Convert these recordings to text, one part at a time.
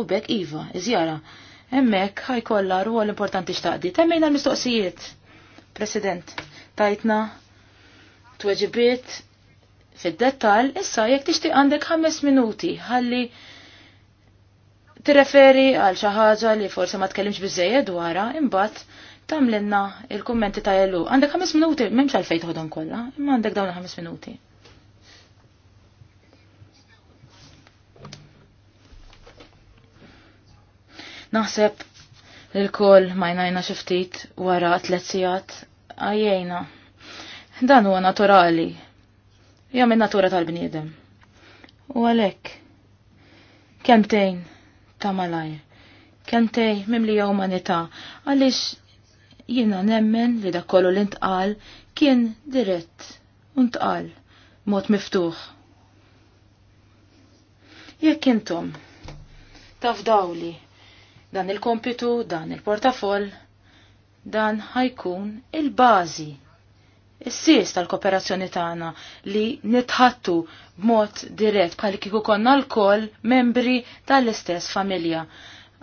u bekk Iva, iżjara. Hemmhekk ħajkollha rwol importanti xtaqdi. Temmejna l-mistoqsijiet. President, tajtna tweġibiet fid-dettal, issa jekk tixtieq għandek ħames minuti ħalli tirreferi għal xi ħaġa li forsi ma tkellimx biżejjed dwarha, imbagħad tamlinna il-kummenti ta' jellu. Għandek ħames minuti, m'hemmx għalfejn toħodhom kollha, imma għandek dawn ħames minuti. Naħseb l-kol majnajna xiftit wara tletzijat għajjena. Dan huwa naturali. Ja minn natura tal-bniedem. U għalek. Kemtejn ta' malajr. Kemtej mimlija umanita. Għalix jina nemmen li da kollu l-intqal kien dirett. Untqal. Mod miftuħ. Jekk intom. Taf dawli Dan il-kompitu, dan il-portafoll, dan ħajkun il-bażi il sis tal-kooperazzjoni tagħna li nitħattu b'mod dirett bħal kiku konna l kol membri tal-istess familja.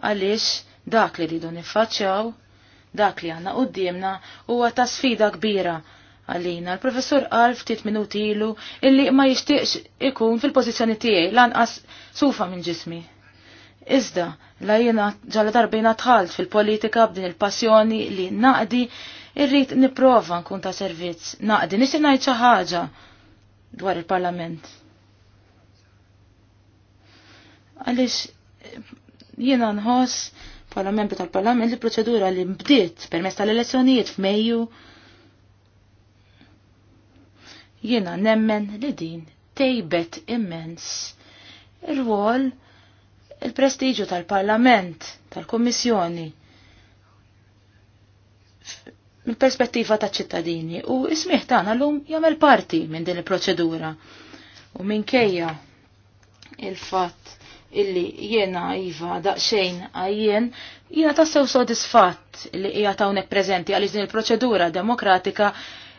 Għaliex dak li rridu niffaċċjaw, dak li għandna qudiemna huwa ta' sfida kbira għalina. L-professur qal ftit minuti ilu illi ma jixtieqx ikun fil-pożizzjoni tiegħi lanqas sufa minn ġismi. Iżda La jena ġalla darbina tħalt fil-politika b'din il-passjoni li naqdi irrit niprofa nkun ta' servizz. Naqdi nisir ngħid xi ħaġa dwar il-Parlament. Għaliex jiena nħoss bħala membri tal-Parlament li proċedura li mbdiet permezz tal-elezzjonijiet f'Mejju jiena nemmen li din tejbet immens ir-rwol il-prestiġu tal-Parlament, tal-Kommissjoni, mill-perspettiva ta' ċittadini u ismiħ tagħna lum jagħmel parti minn din il-proċedura. U minkejja il-fatt illi jiena iva daqsxejn għajjen, jiena tassew sodisfatt li hija hawnhekk prezenti għaliex din il-proċedura demokratika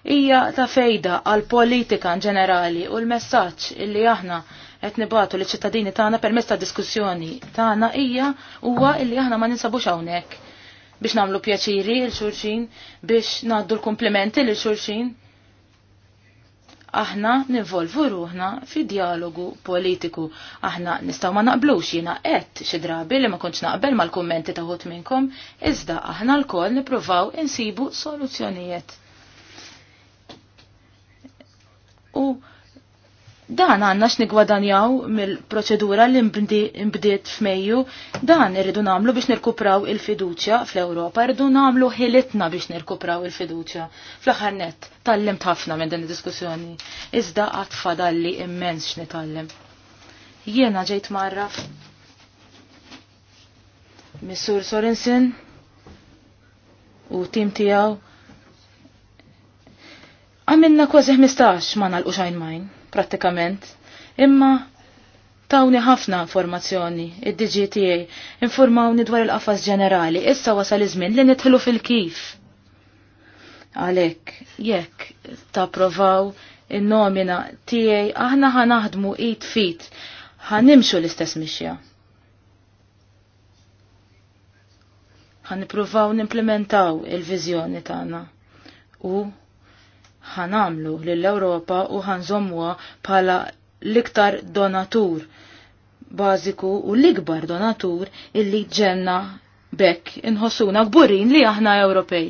hija ta' fejda għal politika in ġenerali u l-messaġġ illi aħna qed nibatu li ċittadini tagħna permezz tad diskussjoni tagħna hija huwa illi aħna ma ninsabux hawnhekk biex namlu pjaċiri il-xurxin, biex naddu l kumplimenti l-xurxin. Aħna nivolvu ruħna fi dialogu politiku. Aħna nistaw ma naqblux jina qed xi drabi li ma kontx naqbel mal-kummenti taħut minnkom, iżda aħna l-koll niprovaw insibu soluzzjonijiet. U Dan għanna x'nigwadanjaw mill-proċedura li mbdiet f'Mejju, dan irridu namlu biex nirkupraw il-fiduċja fl-Ewropa, irridu namlu ħilitna biex nirkupraw il-fiduċja. Fl-aħħar nett tallimt ħafna minn din id-diskussjoni, iżda qatt fadalli immens x'nitallem. Jiena ġejt marraf Missur Sorensen u tim tiegħu Għamilna kważi 15 ma nalqu xajn majn, prattikament. Imma tawni ħafna informazzjoni, id-DGTA, informawni dwar il-qafas ġenerali, issa wasal iż li nidħlu fil-kif. Għalek, jekk ta' provaw il nomina tiegħi aħna ħanaħdmu id fit, ħanimxu l-istess mixja. ħanipruvaw nimplementaw il-viżjoni tagħna u ħanamlu l ewropa u ħanżommuha bħala l-iktar donatur bażiku u l-ikbar donatur illi ġenna bekk inħossuna gburin li aħna Ewropej.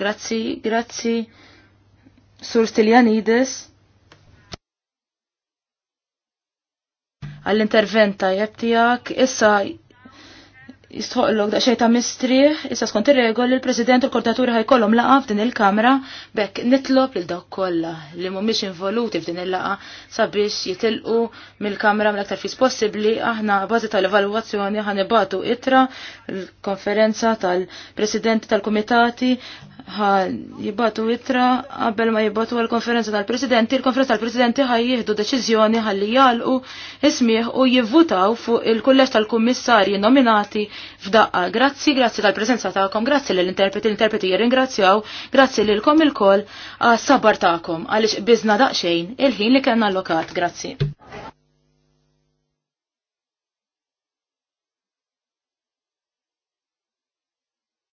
Grazzi, grazzi, Sur Stilianides. Għall-intervent tajjeb tiegħek issa jistħoqlok daqxej ta' mistriħ, issa skont ir-regoli l-President u l-Kortaturi ħajkollhom laqa f'din il-Kamra bekk nitlob lil dawk kollha li mhumiex involuti f'din il-laqa sabiex jitilqu mill-Kamra mill-aktar fis possibbli aħna bażi tal-evalwazzjoni ħanibatu itra l-konferenza tal-Presidenti tal-Kumitati ħa jibbatu itra qabel ma jibbatu għal-konferenza tal-presidenti, il-konferenza tal-presidenti ħaj jihdu deċizjoni ħalli jalqu ismiħ u jivvutaw fuq il-kulleġġ tal-kummissarji nominati f'daqqa. Grazzi, grazzi tal-prezenza tagħkom, grazzi lill-interpreti, l-interpreti jirringrazzjaw, grazzi lilkom il kol sabar tagħkom għaliex biżna daqsxejn il-ħin li kellna allokat. Grazzi.